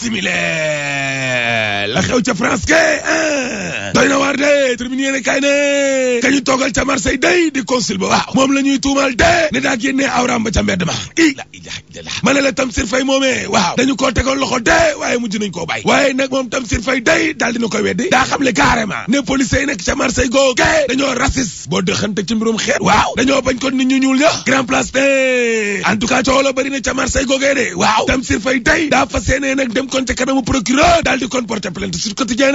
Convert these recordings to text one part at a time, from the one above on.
simile. la xew ca France ke ah. doy na waar de tribune yéene kaay ne kañu toogal ca Marseille day di consul ba waaw moom la ñuy tuumal de ne daa génne awraam ba ca mbedd ma i la ilaha illallah ma ne la Tamsir Faye moomee waaw dañu koo tegoon loxo de waaye mujj nañ koo bàyyi waaye nag moom Tamsir Faye day daal dina koy weddi daa xam le carrément ne policiers yi nekk ca Marseille googu dañoo raciste boo dëxante ci mbirum xeet waaw dañoo bañ ko nit ñu ñuul ña grand place de en tout cas coow la bëri na ca Marseille googee de waaw Tamsir Faye day daa fas yéene nag dem kon ca kanamu procureur daal di kon porter plainte plainte sur quotidien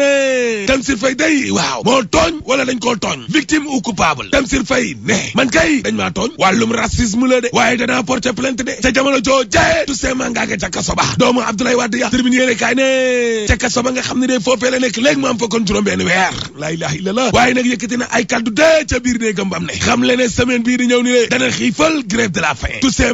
Tamsir Faye day waaw moo tooñ wala dañ koo tooñ victime ou coupable Tamsir Faye ne man kay dañ maa tooñ wàllum racisme la de waaye danaa porter plainte de ca jamono joo jaye Toussaint Manganga ca kaso ba doomu Abdoulaye Wade ya terminé kaay ne ca kaso nga xam ne de foofee la nekk léegi mu am fokkoon juróom-benn weer laa ilaha illallah waaye nag yëkkati na ay kaddu de ca biir néegam bam ne xam le ne semaine bii di ñëw ni le dana xiifal grève de la faim Toussaint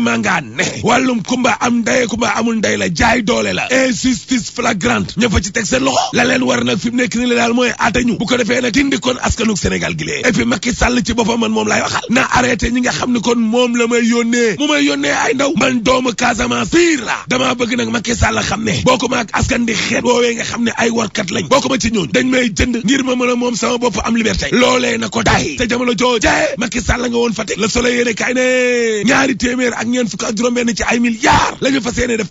amul ndey la jaay doole la injustice flagrante ña fa ci teg seen loxo la leen war nag fi mu nekk ni daal mooy aate ñu bu ko defee nag dindi kon askanuk Sénégal gi lee et puis Macky Sall ci boppam man moom laay waxal na arrêté ñi nga xam ni kon moom la may yónnee mu may yónnee ay ndaw man doomu Casamance piir la damaa bëgg nag Macky Sall xam ne boo ko ma ak askan di xeet woowee nga xam ne ay warkat lañ boo ma ci ñooñu dañ may jënd ngir ma mën moom sama bopp am liberté loolee na ko day te jamono joojee Macky Sall nga woon Fatick Le Soleil yéene kaay ne ñaari téeméer ak ñeent fukk ak juróom-benn ci ay milliards la ñu fas yéene def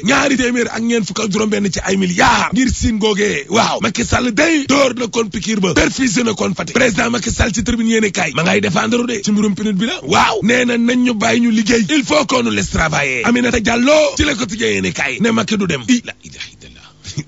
dajale ñaari téeméer ak ñeen fukk ak benn ci ay milliards ngir siin googee waaw Macky Sall day door na kon pikiir ba perfusé na kon Fatick président Macky Sall ci tribune yéene kaay ma ngay défendre de ci mbirum pinut bi la waaw nee na nañ ñu bàyyi ñu liggéey il faut qu'on nous laisse travailler Aminata Diallo ci la ko tijjee yéene ne Macky du dem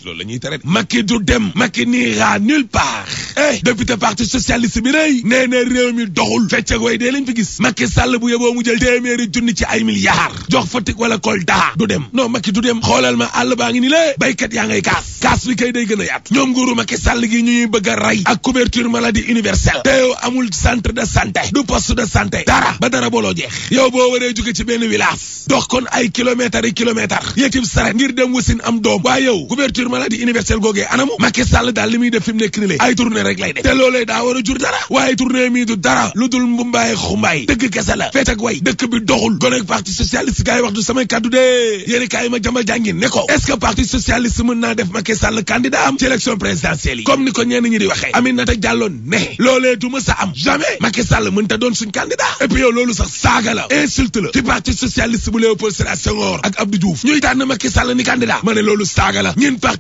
loolu la ñuy tere Macky du dem Macky n'ira nulle part eh député parti socialiste bi day nee na réew mi doxul fecceg way dee lañ fi gis Macky Sall bu yeboo mu jël téeméeri junni ci ay milliards jox Fatick wala Kolda du dem non Macky du dem xoolal ma àll baa ngi ni lée baykat yaa ngay kaas kaas bi kay day gën a yaatu ñoom nguuru Macky Sall gi ñuy bëgg a rey ak couverture maladie universelle te yow amul centre de santé du poste de santé dara ba dara booloo jeex yow boo waree jóge ci benn village dox kon ay kilomètres yi kilomètres yéeg ci saret ngir dem wasin am doom waa yow couverture maladie universelle googee anamu Macky Sall daal li muy def fi mu ay tournée rek lay def te loolee daa war jur dara waaye tournée mi du dara lu dul mbumbaay xumbaay dëgg kese la feet way dëkk bi doxul gonek parti socialiste gars yi samay kaddu dee yéeni kaay ma jama jàngi ne ko parti socialiste mën naa def Macky Sall candidat ci élection présidentielle comme ni ko ñenn ñi di waxee Aminata Diallo ne loolee du ma am jamais Macky Sall mën ta doon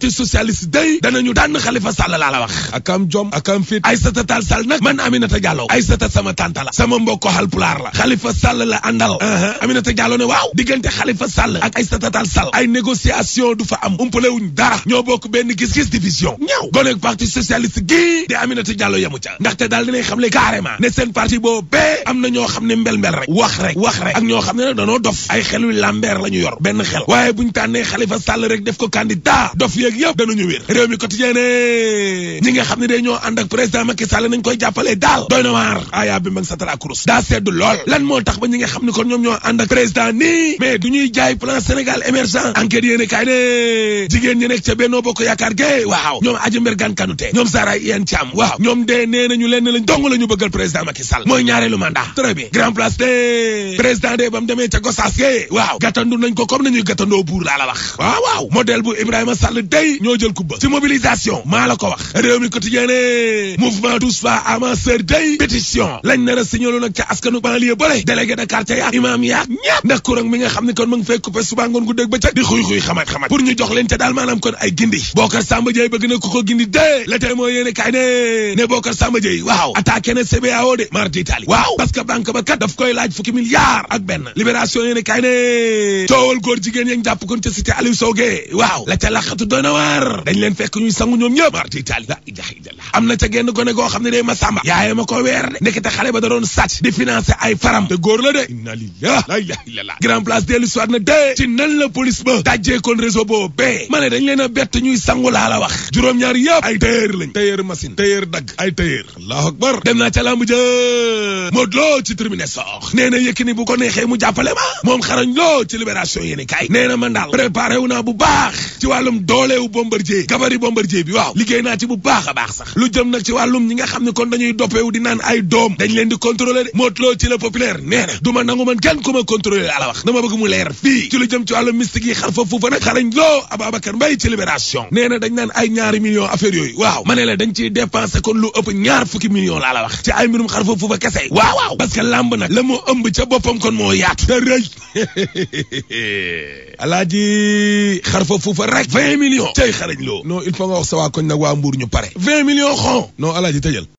parti socialiste day danañu dànn Khalifa laa la wax akam jom akam fit Aïssata Tall Sall nag man Aminata Diallo Aïssata sama tante la sama mbokk Haalpulaar la Khalifa Sall la àndal uh-huh. Aminata Diallo ne waaw diggante Khalifa Sall ak Aïssata Tall Sall ay négociation du fa am umpalewuñ dara ñoo bokk benn gis-gis division ñaaw gonek parti socialiste gii di Aminata Diallo yamu ca ndaxte daal dinañ xam le carrément ne seen parti boobee am na ñoo xam ne mbel-mbel wax rek ak ñoo xam ne nag danoo dof ay xelu lambeer la ñu yor benn xel waaye ak yëpp danañu wér réew mi quotidien ne ñi nga xam ne day ñoo ànd ak président Macky nañ koy jàppale daal doy na waar aayaa bi mag satara kurus daa sedd lool lan moo tax ba ñi nga xam ne kon ñoom ñoo ànd ak président nii mais du ñuy jaay plan Sénégal émergent enquête yéene kaay ne jigéen ñi nekk ca Benno Bokk Yaakaar gay waaw ñoom aji mbir gan kanute ñoom Sara Iyane Thiam waaw ñoom de nee nañu leen lañ dong la ñu bëggal président Macky Sall mooy ñaareelu mandat très bien grand place de président de ba mu demee ca Gossas gay waaw gàttandu nañ ko day ñoo jël kubba ci mobilisation maa la ko wax réew mi quotidien mouvement tous fa avanceur day pétition lañ nar a signaloo nag ca askanu banlieue bële délégué de quartier yaak imaam yaak ñëpp ndax courant mi nga xam ne kon mu ngi fay coupé suba ngoon gu dégg ba ca di xuy xuy xamat xamat pour ñu jox leen ca daal maanaam kon ay gindi Bocar Samba Dièye bëgg na ku ko gindi dee la tey moo yéene kaay ne ne Samba Dièye waaw attaqué na CBAO de mardi Italie waar dañ leen fekk ñuy sangu ñoom ñëpp marti taali la ijax ijallah am na ca genn gone goo ne day ma sàmba ma ko weer de ndekete xale ba da doon sàcc di financer ay faram te góor la de inna lillah la ilaha illallah grand place dellu soir na de ci nan la police ba dajjeekoon réseau boobu bee ma ne dañ leen a bett ñuy sangu laa la wax juróom-ñaar yëpp ay tailleur lañ tailleur machine tailleur dagg ay tailleur allahu akbar dem na Yékini bu ko neexee loo ci libération yéeni kay nee volet bombardier gabari bombardier bi waaw liggéey naa ci bu baax a baax sax lu jëm nag ci wàllum ñi nga xam ne kon dañuy doppeewu di naan ay doom dañ leen di contrôler mootloo ci la populaire nee na nangu man kenn ku ma contrôler ala wax dama bëgg mu leer fii ci lu jëm ci wàllum mystique xar fa fuufa nag xarañ loo Ababacar Mbaye ci libération nee dañ naan ay ñaari millions affaire yooyu waaw ma ne la dañ ciy dépensé kon lu ëpp ñaar fukki millions la la wax ci ay mbirum xar fa fuufa alaaji xarfa fuufa rek vingt millions cay xarañ loo non il faut nga wax sa waa koñ nag waa mbuur ñu pare vingt millions xon non alaaji tëjal